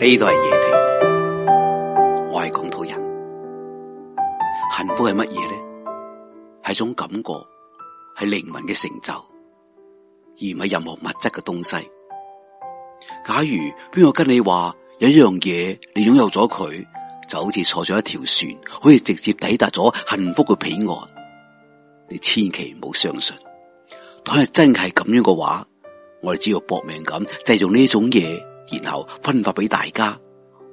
呢度係夜聽，我係廣土人。幸福係乜嘢呢？係種感覺，係靈魂嘅成就，而唔係任何物質嘅東西。假如邊個跟你話有一樣嘢，你擁有咗佢，就好似坐咗一條船，可以直接抵達咗幸福嘅彼岸。你千祈唔好相信。倘若真係咁樣嘅話，我哋只要搏命咁製造呢種嘢。然後分發俾大家，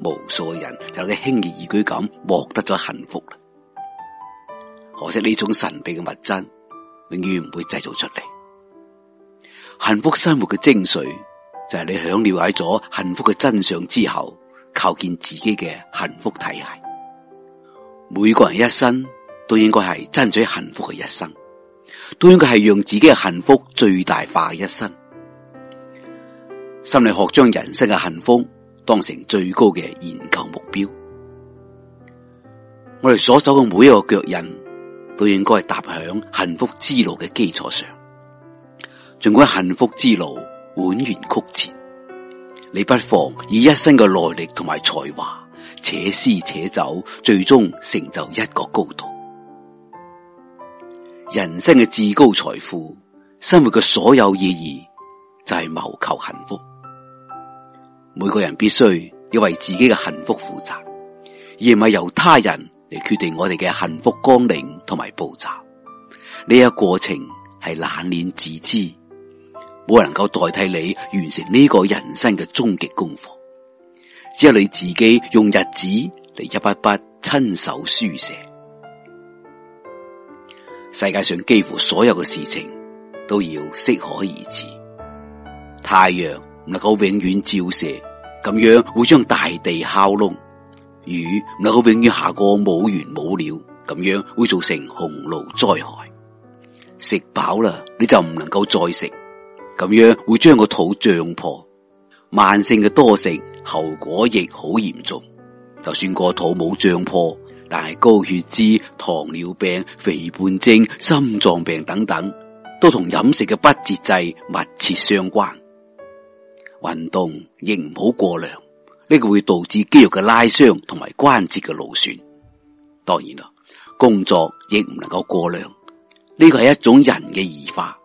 無數嘅人就喺輕而易舉咁獲得咗幸福。可惜呢種神秘嘅物質永遠唔會製造出嚟。幸福生活嘅精髓就係、是、你響了解咗幸福嘅真相之後，構建自己嘅幸福體系。每個人一生都應該係爭取幸福嘅一生，都應該係讓自己嘅幸福最大化嘅一生。心理學將人生嘅幸福當成最高嘅研究目標。我哋所走嘅每一個腳印都應該係踏響幸福之路嘅基礎上。盡管幸福之路蜿蜒曲折，你不妨以一生嘅耐力同埋才華，且思且走，最終成就一個高度。人生嘅至高財富，生活嘅所有意義，就係謀求幸福。每個人必須要為自己嘅幸福負責，而唔係由他人嚟決定我哋嘅幸福光臨同埋步驟。呢一個過程係冷暖自知，冇人能夠代替你完成呢個人生嘅終極功課。只有你自己用日子嚟一筆筆親手書寫。世界上幾乎所有嘅事情都要適可而止，太陽唔能夠永遠照射。咁樣會將大地烤窿，雨唔能夠永遠下個冇完冇了，咁樣會造成洪澇災害。食飽啦，你就唔能夠再食，咁樣會將個肚脹破。慢性嘅多食後果亦好嚴重，就算個肚冇脹破，但係高血脂、糖尿病、肥胖症、心臟病等等，都同飲食嘅不節制密切相關。運動亦唔好過量，呢個會導致肌肉嘅拉傷同埋關節嘅勞損。當然啦，工作亦唔能夠過量。呢個係一種人嘅異化，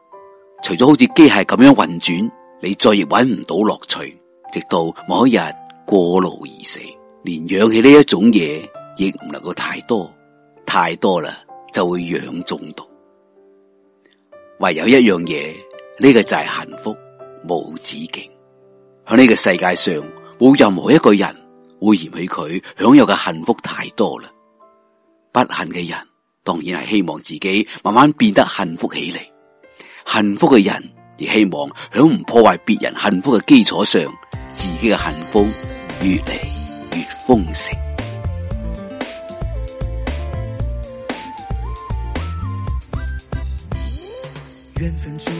除咗好似機械咁樣運轉，你再亦揾唔到樂趣，直到某一日過勞而死。連氧氣呢一種嘢亦唔能夠太多，太多啦就會氧中毒。唯有一樣嘢，呢個就係幸福無止境。喺呢個世界上，冇任何一個人會嫌棄佢享有嘅幸福太多啦。不幸嘅人當然係希望自己慢慢變得幸福起嚟，幸福嘅人亦希望喺唔破壞別人幸福嘅基礎上，自己嘅幸福越嚟越豐盛。